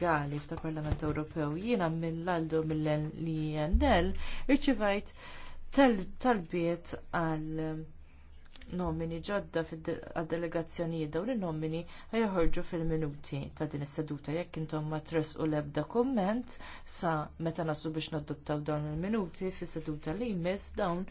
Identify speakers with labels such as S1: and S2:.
S1: legali f'ta' Parlament Ewropew. Jiena mill-għaldu mill-INL irċivajt talbiet għal um, nomini ġodda għad-delegazzjonijiet dawn il-nomini għajħorġu fil-minuti ta' din is-seduta jekk intom ma tres l-ebda komment sa meta naslu biex naddottaw dawn il-minuti fis-seduta
S2: li jmiss dawn